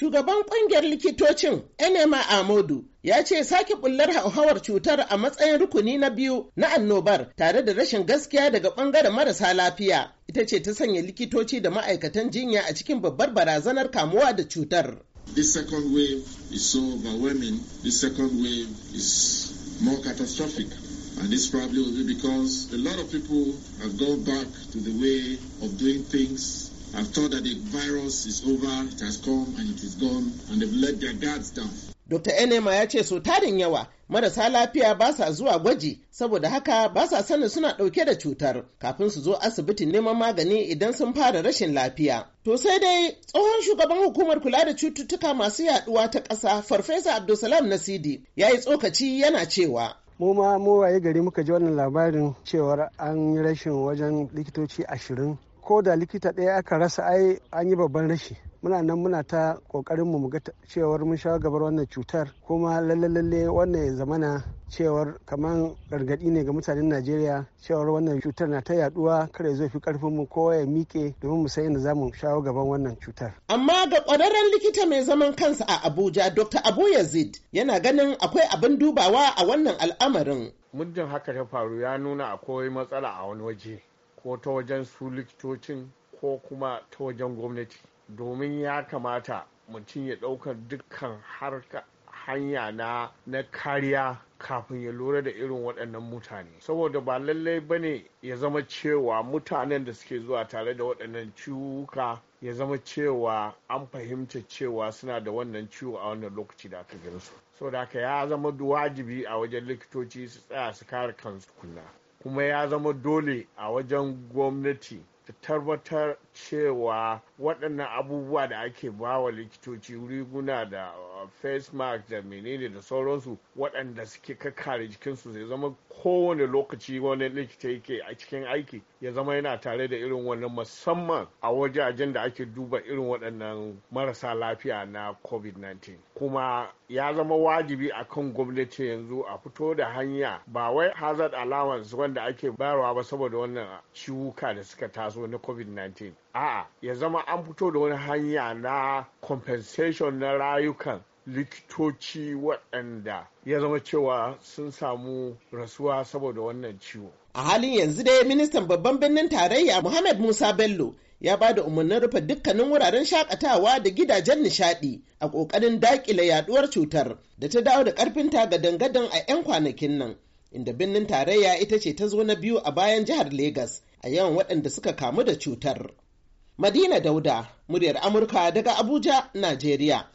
Shugaban kungiyar likitocin Enema Amodu ya ce sake bullar hauhawar cutar a matsayin rukuni na biyu na annobar tare da rashin gaskiya daga bangaren marasa lafiya ita ce ta sanya likitoci da ma'aikatan jinya a cikin babbar barazanar kamuwa da cutar. This second wave is so overwhelming. This second wave a lot of people have of doing things have thought that the virus is over, it has come and it is gone, and they've let their guards down. Dr. Enema ya ce so tarin yawa marasa lafiya ba sa zuwa gwaji saboda haka ba sa sanin suna ɗauke da cutar kafin su zo asibitin neman magani idan sun fara rashin lafiya. To sai dai tsohon shugaban hukumar kula da cututtuka masu yaduwa ta ƙasa Farfesa Abdulsalam Nasidi ya yi tsokaci yana cewa. mu ma mu waye gari muka ji wannan labarin cewar an yi rashin wajen likitoci ashirin ko da likita ɗaya aka rasa ai an yi babban rashi muna nan muna ta kokarin mu ga cewar mun shawo gabar wannan cutar kuma lalle lalle wannan ya zamana cewar kamar gargaɗi ne ga mutanen Najeriya cewar wannan cutar na ta yaduwa kare zai fi karfin mu kowa ya mike domin mu san inda zamu shawo gaban wannan cutar. Amma ga kwararren likita mai zaman kansa a Abuja Dr. Abu Yazid yana ganin akwai abin dubawa a wannan al'amarin. Muddin haka ta faru ya nuna akwai matsala a wani waje. ko ta wajen su likitocin ko kuma ta wajen gwamnati domin ya kamata mutum ya ɗaukar dukkan harka hanya na na kariya kafin ya lura da irin waɗannan mutane saboda ba lallai ba ne ya zama cewa mutanen da suke zuwa tare da waɗannan ciwuka ya zama cewa an fahimta cewa suna da wannan ciwo a wannan lokaci da aka gani su saboda haka ya zama wajibi a wajen likitoci su tsaya su kare kansu kunna kuma ya zama dole a wajen gwamnati ta tabbatar cewa waɗannan abubuwa da ake bawa likitoci riguna da uh, face mask da menene da sauransu waɗanda suke kakkare jikinsu zai zama kowane lokaci wani likita yake a cikin aiki ya zama yana tare da irin wannan musamman a wajajen da ake duba irin waɗannan marasa lafiya na covid-19 kuma ya zama wajibi a kan gwamnati yanzu a fito da hanya ba wai hazard allowance wanda ake bayarwa ba saboda wannan ciwuka da suka taso taso na covid-19 a'a ya zama an fito da wani hanya na compensation na rayukan likitoci waɗanda ya zama cewa sun samu rasuwa saboda wannan ciwo a halin yanzu dai ministan babban birnin tarayya muhammad musa bello ya ba da umarnin rufe dukkanin wuraren shakatawa da gidajen nishadi a ƙoƙarin daƙile yaduwar cutar da ta dawo da ƙarfinta ga dangadan a 'yan kwanakin nan inda birnin tarayya ita ce ta zo na biyu a bayan jihar Legas a yawan waɗanda suka kamu da cutar. Madina Dauda, muryar Amurka daga Abuja, Najeriya.